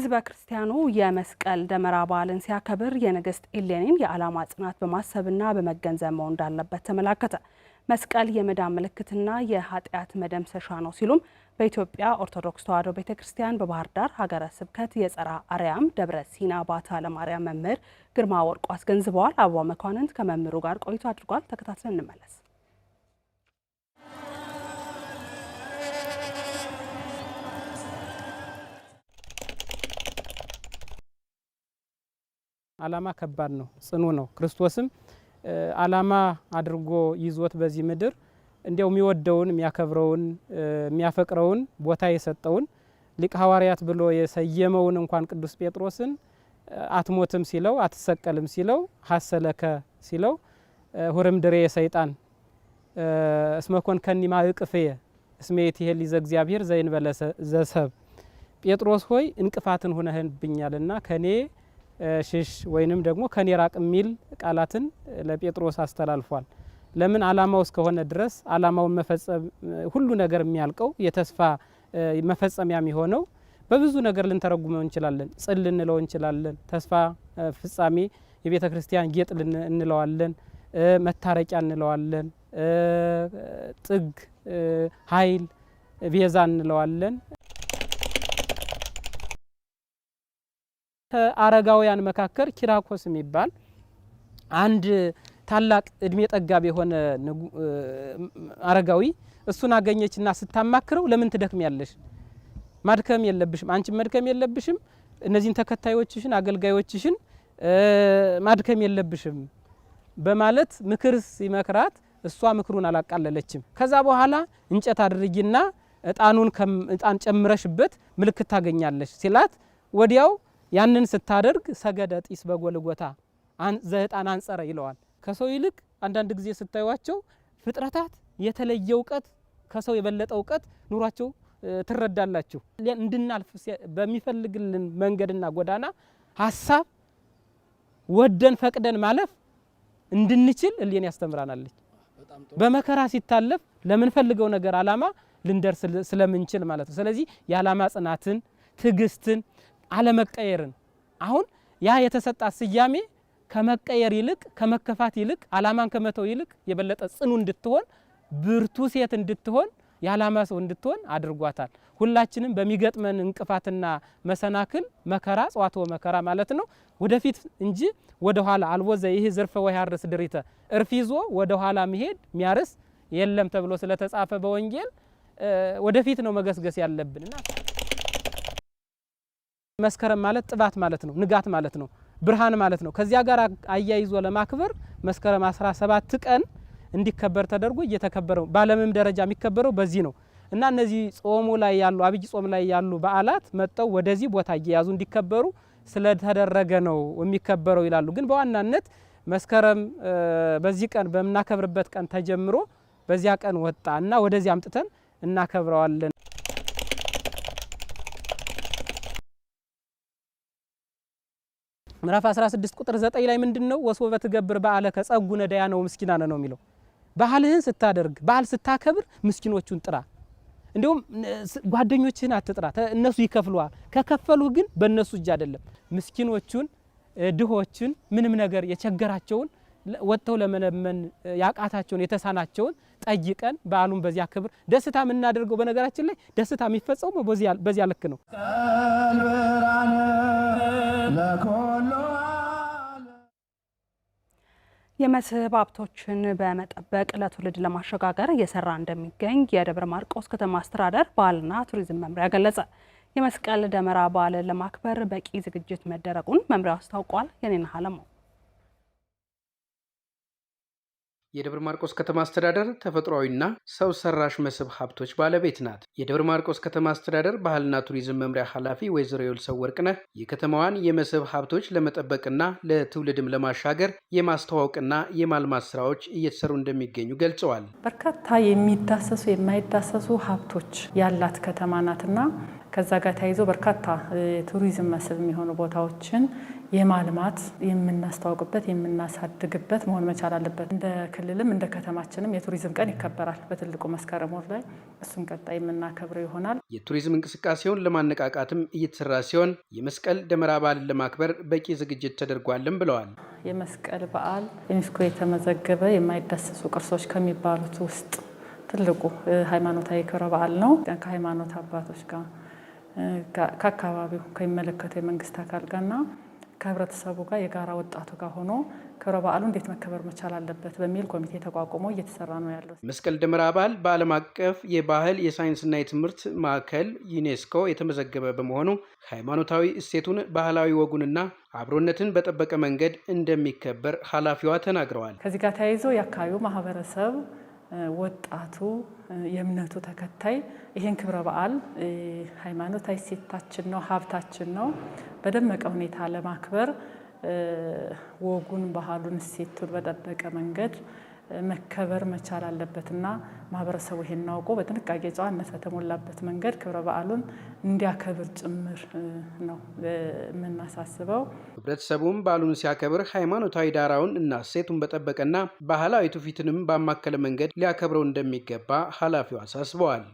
ህዝበ ክርስቲያኑ የመስቀል ደመራ በዓልን ሲያከብር የንግሥት ኢሌኒን የዓላማ ጽናት በማሰብና በመገንዘብ መሆን እንዳለበት ተመላከተ። መስቀል የመዳን ምልክትና የኃጢአት መደምሰሻ ነው ሲሉም በኢትዮጵያ ኦርቶዶክስ ተዋሕዶ ቤተ ክርስቲያን በባህር ዳር ሀገረ ስብከት የጸራ አርያም ደብረ ሲና ባታ ለማርያም መምህር ግርማ ወርቁ አስገንዝበዋል። አበባ መኳንንት ከመምህሩ ጋር ቆይቶ አድርጓል። ተከታትለን እንመለስ። አላማ ከባድ ነው፣ ጽኑ ነው። ክርስቶስም አላማ አድርጎ ይዞት በዚህ ምድር እንዲያው የሚወደውን የሚያከብረውን የሚያፈቅረውን ቦታ የሰጠውን ሊቅ ሐዋርያት ብሎ የሰየመውን እንኳን ቅዱስ ጴጥሮስን አትሞትም ሲለው አትሰቀልም ሲለው ሀሰለከ ሲለው ሁርም ድሬ የሰይጣን እስመኮን ከኒ እቅፍየ እስሜ ይሄ ሊዘ እግዚአብሔር ዘይን በለሰ ዘሰብ ጴጥሮስ ሆይ እንቅፋትን ሆነህብኛልና ከኔ ሽሽ ወይንም ደግሞ ከኔ ራቅ የሚል ቃላትን ለጴጥሮስ አስተላልፏል። ለምን አላማው እስከሆነ ድረስ አላማውን መፈጸም ሁሉ ነገር የሚያልቀው የተስፋ መፈጸሚያ የሚሆነው በብዙ ነገር ልንተረጉመው እንችላለን። ጽል ልንለው እንችላለን። ተስፋ ፍጻሜ፣ የቤተ ክርስቲያን ጌጥ እንለዋለን፣ መታረቂያ እንለዋለን፣ ጥግ፣ ኃይል፣ ቤዛ እንለዋለን። ከአረጋውያን መካከል ኪራኮስ የሚባል አንድ ታላቅ እድሜ ጠጋብ የሆነ አረጋዊ እሱን አገኘችና ስታማክረው ለምን ትደክም ያለሽ ማድከም የለብሽም አንቺ መድከም የለብሽም እነዚህን ተከታዮችሽን አገልጋዮችሽን ማድከም የለብሽም በማለት ምክር ሲመክራት እሷ ምክሩን አላቃለለችም። ከዛ በኋላ እንጨት አድርጊና እጣኑን እጣን ጨምረሽበት ምልክት ታገኛለች ሲላት ወዲያው ያንን ስታደርግ ሰገደ ጢስ በጎልጎታ ዘህጣን አንጸረ ይለዋል። ከሰው ይልቅ አንዳንድ ጊዜ ስታዩቸው ፍጥረታት የተለየ እውቀት ከሰው የበለጠ እውቀት ኑሯቸው ትረዳላችሁ። እንድናልፍ በሚፈልግልን መንገድና ጎዳና ሀሳብ ወደን ፈቅደን ማለፍ እንድንችል እሌን ያስተምራናለች። በመከራ ሲታለፍ ለምንፈልገው ነገር አላማ ልንደርስ ስለምንችል ማለት ነው። ስለዚህ የአላማ ጽናትን፣ ትዕግስትን አለመቀየርን አሁን ያ የተሰጣት ስያሜ ከመቀየር ይልቅ ከመከፋት ይልቅ አላማን ከመተው ይልቅ የበለጠ ጽኑ እንድትሆን ብርቱ ሴት እንድትሆን የዓላማ ሰው እንድትሆን አድርጓታል። ሁላችንም በሚገጥመን እንቅፋትና መሰናክል መከራ ጽዋቶ መከራ ማለት ነው ወደፊት እንጂ ወደ ኋላ አልቦዘ ይህ ዝርፈ ወያርስ ድሪተ እርፍ ይዞ ወደ ኋላ መሄድ ሚያርስ የለም ተብሎ ስለተጻፈ በወንጌል ወደፊት ነው መገስገስ ያለብንና መስከረም ማለት ጥባት ማለት ነው፣ ንጋት ማለት ነው፣ ብርሃን ማለት ነው። ከዚያ ጋር አያይዞ ለማክበር መስከረም 17 ቀን እንዲከበር ተደርጎ እየተከበረው በዓለምም ደረጃ የሚከበረው በዚህ ነው እና እነዚህ ጾሙ ላይ ያሉ አብይ ጾም ላይ ያሉ በዓላት መጠው ወደዚህ ቦታ እየያዙ እንዲከበሩ ስለተደረገ ነው የሚከበረው ይላሉ። ግን በዋናነት መስከረም በዚህ ቀን በምናከብርበት ቀን ተጀምሮ በዚያ ቀን ወጣ እና ወደዚህ አምጥተን እናከብረዋለን። ምዕራፍ 16 ቁጥር 9 ላይ ምንድን ነው? ወስወ በትገብር ከጸጉ ነዳያ ነው ወምስኪናነ ነው የሚለው። ባህልህን ስታደርግ ባህል ስታከብር ምስኪኖቹን ጥራ። እንዲሁም ጓደኞችህን አትጥራ፣ እነሱ ይከፍሏል ከከፈሉ ግን በእነሱ እጅ አይደለም። ምስኪኖቹን፣ ድሆችን፣ ምንም ነገር የቸገራቸውን ወጥተው ለመነመን ያቃታቸውን የተሳናቸውን ጠይቀን በዓሉን በዚያ ክብር ደስታ የምናደርገው። በነገራችን ላይ ደስታ የሚፈጸሙ በዚያ ልክ ነው። የመስህብ ሀብቶችን በመጠበቅ ለትውልድ ለማሸጋገር እየሰራ እንደሚገኝ የደብረ ማርቆስ ከተማ አስተዳደር ባህልና ቱሪዝም መምሪያ ገለጸ። የመስቀል ደመራ በዓልን ለማክበር በቂ ዝግጅት መደረጉን መምሪያው አስታውቋል። የኔና አለማው የደብረ ማርቆስ ከተማ አስተዳደር ተፈጥሯዊና ሰው ሰራሽ መስህብ ሀብቶች ባለቤት ናት። የደብረ ማርቆስ ከተማ አስተዳደር ባህልና ቱሪዝም መምሪያ ኃላፊ ወይዘሮ የወልሰው ወርቅነህ የከተማዋን የመስህብ ሀብቶች ለመጠበቅና ለትውልድም ለማሻገር የማስተዋወቅና የማልማት ስራዎች እየተሰሩ እንደሚገኙ ገልጸዋል። በርካታ የሚዳሰሱ የማይዳሰሱ ሀብቶች ያላት ከተማ ናትና ከዛ ጋር ተያይዞ በርካታ ቱሪዝም መስህብ የሚሆኑ ቦታዎችን የማልማት የምናስተዋውቅበት የምናሳድግበት መሆን መቻል አለበት። እንደ ክልልም እንደ ከተማችንም የቱሪዝም ቀን ይከበራል በትልቁ መስከረም ወር ላይ። እሱን ቀጣይ የምናከብረው ይሆናል። የቱሪዝም እንቅስቃሴውን ለማነቃቃትም እየተሰራ ሲሆን የመስቀል ደመራ በዓልን ለማክበር በቂ ዝግጅት ተደርጓልም ብለዋል። የመስቀል በዓል ዩኔስኮ የተመዘገበ የማይዳሰሱ ቅርሶች ከሚባሉት ውስጥ ትልቁ ሃይማኖታዊ ክብረ በዓል ነው። ከሃይማኖት አባቶች ጋር ከአካባቢው ከሚመለከተው የመንግስት አካል ጋርና ከህብረተሰቡ ጋር የጋራ ወጣቱ ጋር ሆኖ ክብረ በዓሉ እንዴት መከበር መቻል አለበት በሚል ኮሚቴ ተቋቁሞ እየተሰራ ነው ያለው። መስቀል ደመራ በዓል በዓለም አቀፍ የባህል የሳይንስና የትምህርት ማዕከል ዩኔስኮ የተመዘገበ በመሆኑ ሃይማኖታዊ እሴቱን፣ ባህላዊ ወጉንና አብሮነትን በጠበቀ መንገድ እንደሚከበር ኃላፊዋ ተናግረዋል። ከዚህ ጋር ተያይዞ የአካባቢው ማህበረሰብ ወጣቱ የእምነቱ ተከታይ ይህን ክብረ በዓል ሃይማኖታዊ ሴታችን ነው፣ ሀብታችን ነው፣ በደመቀ ሁኔታ ለማክበር ወጉን፣ ባህሉን፣ እሴቱን በጠበቀ መንገድ መከበር መቻል አለበት ማህበረሰቡ ይሄን አውቆ በጥንቃቄ ጨዋነት በተሞላበት መንገድ ክብረ በዓሉን እንዲያከብር ጭምር ነው የምናሳስበው። ህብረተሰቡም በዓሉን ሲያከብር ሃይማኖታዊ ዳራውን እና ሴቱን በጠበቀና ባህላዊ ትውፊትንም ባማከለ መንገድ ሊያከብረው እንደሚገባ ኃላፊው አሳስበዋል።